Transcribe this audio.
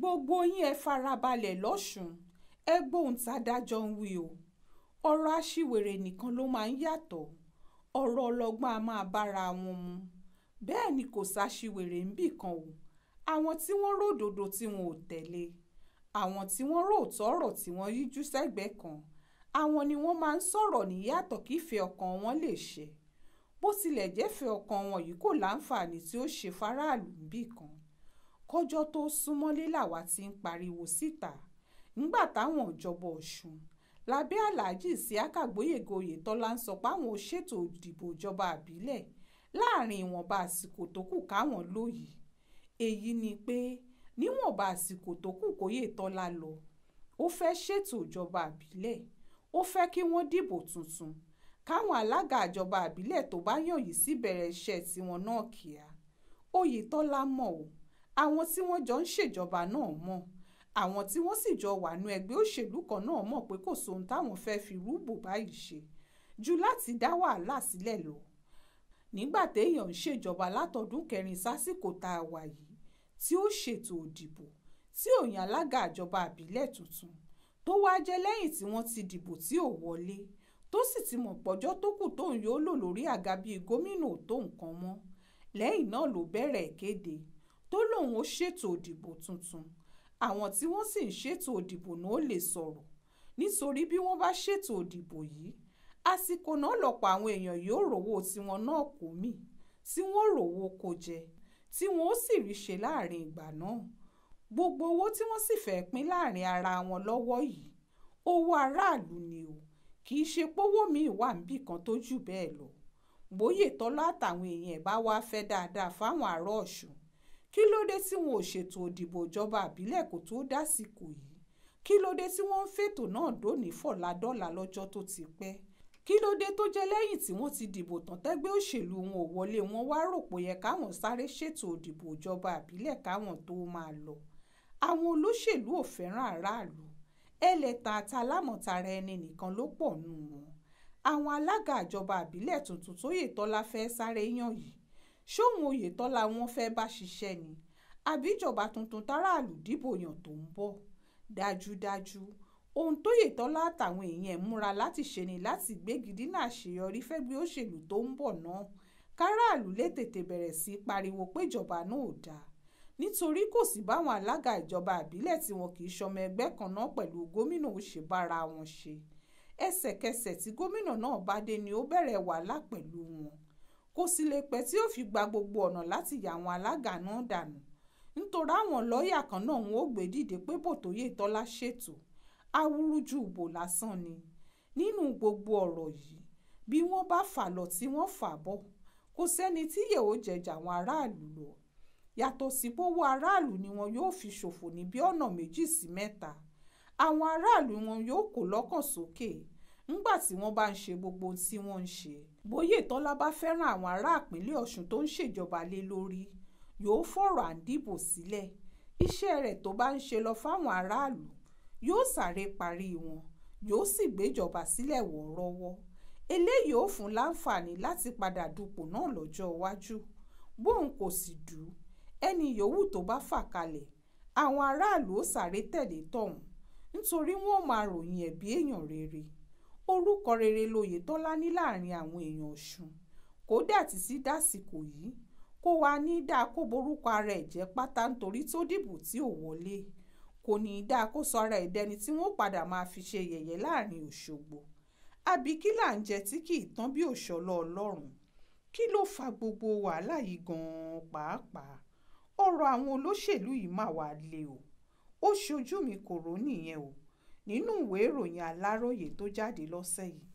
gbogbo yín ẹ farabalẹ̀ lọ́sùn ẹ gbóhùn tádájọ́ ń wí o ọ̀rọ̀ aṣiwèrè nìkan ló máa ń yàtọ̀ ọ̀rọ̀ ọlọ́gbọ́n a máa bára wọn mu bẹ́ẹ̀ ni kò sáṣiwèrè ń bì kan o àwọn tí wọ́n ròdòdò tí wọn ò tẹ̀lé àwọn tí wọ́n ròótọ́ ọ̀rọ̀ tí wọ́n yíjú sẹ́gbẹ̀ẹ́ kan àwọn ni wọ́n máa ń sọ̀rọ̀ níyàtọ̀ kí ìfẹ́ ọkàn wọn lè ṣe bó tilẹ̀ jẹ́fẹ́ ọkàn wọn yìí kò láǹfààní tí ó ṣe faraàlú ń bì kan kọjọ́ tó súnmọ́lé làwa ti ń pariwo síta nígbà táwọn ìjọba ọ̀ṣun lábẹ́ aláàjì Isiaka Gbóyèga Oyètọ́lá ń sọ páwọn ò ṣètò ìdìbò ìjọba àbílẹ̀ láàrin ìwọ̀nba àsìkò tó kù káwọn lóye èyí ni pé níwọ̀nba àsìkò tó kù kóyètọ́lá lọ ó fẹ́ ṣètò ìjọba àbílẹ̀ ó fẹ́ kí wọ́n dìbò tuntun káwọn alága ìjọba àbílẹ̀ tó bá yàn yìí sí bẹ̀rẹ̀ iṣẹ́ tiwọn náà kíá Oyètọ́lá mọ̀ o àwọn tí wọ́n jọ ń ṣèjọba náà mọ̀ àwọn tí wọ́n sì jọ wà nú ẹgbẹ́ òṣèlú kan náà mọ̀ pé kò sóhun táwọn fẹ́ fi rúbò báyìí ṣe ju láti dá wàhálà sílẹ̀ lọ nígbà téèyàn ń ṣèjọba látọdún kẹrin sásìkò tá a wà yìí tí ó ṣètò òdìbò tí ò yan alága àjọba àbílẹ̀ tuntun tó wáá jẹ́ lẹ́yìn tí wọ́n ti dìbò tí ò wọlé tó sì ti mọ̀ pọ́jọ́ tó kù tóun yóò lò lórí àga bíi gómìnà tó nǹkan mọ́ lẹ́yìn náà ló bẹ̀rẹ̀ ìkéde tó lòun ó ṣètò òdìbò tuntun àwọn tí wọ́n sì ń ṣètò òdìbò náà lè sọ̀rọ̀ nítorí bí wọ́n bá ṣètò òdìbò yìí àsìkò náà lọ́pọ̀ àwọn èèyàn yóò rówó tiwọn náà kò mí tí wọ́n rówó kò jẹ tí wọ́n ó sì rí ṣe láàrin ìgbà náà gbogbo owó tí wọ́n sì fẹ́ pín láàrin ara wọn lọ́wọ́ yìí owó aráàlú ni o kì í ṣe pówó mi wà níbì kan tó jù bẹ́ẹ̀ lọ Bóyètọ́lá àtàwọn èèyàn ẹ̀ bá wá fẹ́ dáadáa fáwọn ará Ọ̀ṣun kí ló dé tí wọn ò ṣètò òdìbò ìjọba àbílẹ̀ kó tóó dásìkò yìí kí ló dé tí wọ́n ń fètò náà dóní fọ̀ládọ́là lọ́jọ́ tó ti pẹ́ kí ló dé tó jẹ́ lẹ́yìn tí wọ́n ti dìbò tán tẹ́gbẹ́ òṣèlú wọn ò wọlé wọn wá rò pé yẹ káwọn sáré ṣètò òdìbò ìjọba àbílẹ̀ káwọn tó máa lọ àwọn olóṣèlú ò fẹ́ràn aráàlú ẹlẹ́ta àtàlámọ̀tara ẹni nìkan ló pọ̀ nù wọn àwọn alága ìjọba àbílẹ̀ tuntun Tóyètọ́lá fẹ́ sáré yàn yìí sóun oyetola wọn fẹ́ẹ́ bá ṣiṣẹ́ ni àbí ìjọba tuntun táráàlú dìbò yàn tó ń bọ̀ dájúdájú ohun tóyètọ́lá àtàwọn èèyàn ẹ̀ múra láti ṣe ni láti gbégidínà àṣeyọrí fẹ́gbẹ́ òṣèlú tó ń bọ̀ náà káràlú lè tètè bẹ̀rẹ̀ sí í pariwo péjọba náà ò dáa nítorí kò sí báwọn alága ìjọba àbílẹ̀ tí wọn kì í ṣọmọ ẹgbẹ́ kan náà pẹ̀lú gómìnà ó wọn ṣe ẹsẹ̀kẹsẹ̀ tí gómìnà náà bá dé ni ó bẹ̀rẹ̀ wàhálà pẹ̀lú wọn kò sì lè pẹ́ tí ó fi gba gbogbo ọ̀nà láti yà àwọn alága náà dànù nítorí àwọn lọ́ọ̀yà kan náà wọn ò gbé dìde pé bòtóyè tọ́lá ṣètò awúrúju ìbò lásán ni nínú gbogbo ọ̀rọ̀ yìí bí wọ́n bá fà lọ tí wọ́n fà bọ̀ kò sẹ́ni tí yẹ̀wò jẹjà àwọn aráàlú lọ yàtọ̀ sí gbowó aráàlú ni wọn yóò fi ṣòfò ní bí ọ̀nà méjì sí mẹ́ta àwọn aráàlú wọn yóò kó lọ́kàn sókè ńgbà tí wọ́n bá ń ṣe gbogbo ohun tí wọ́n ń ṣe. Bóyètọ́lá bá fẹ́ràn àwọn ará ìpínlẹ̀ Ọ̀ṣun tó ń ṣèjọba lé lórí yóò fọ̀rọ̀ àǹdìbò sílẹ̀ iṣẹ́ rẹ̀ tó bá ń ṣe lọ fáwọn aráàlú yóò sáré parí wọn yóò sì gbéjọba sílẹ̀ wọ́ọ́rọ́wọ́ eléyìí ó fún láǹfààní láti padà dupò náà lọ́jọ́ iwájú bóun kò sì dù ú ẹni yòówù tó bá fà kalẹ̀ àwọn aráàlú ó sáré tẹ̀lé tọ̀hún nítorí wọn máa ròyìn ẹ̀bí èèyàn rere orúkọ rere lóyètọ́lá ní láàrin àwọn èèyàn ọ̀ṣun kò dẹ̀ tí sí dásìkò yìí kó wa ní dáa kó borúkọ ara ẹ̀ jẹ́ pátá nítorí tó dìbò tí ò wọlé kò ní í dáa kó sọ ara ẹ̀ dẹni tí wọ́n padà máa fi ṣe yẹ̀yẹ́ láàrin òṣogbo àbí kí là ń jẹ tí kì í tán bí òṣọlọ ọlọ́run kí ló fa gbogbo wàhálà yìí gan-an pàápàá ọ̀rọ̀ àwọn olóṣèlú yìí mà wá lé o ó ṣojú mi kò rò nìyẹn o nínú ìwé ìròyìn aláròye tó jáde lọ́sẹ̀ yìí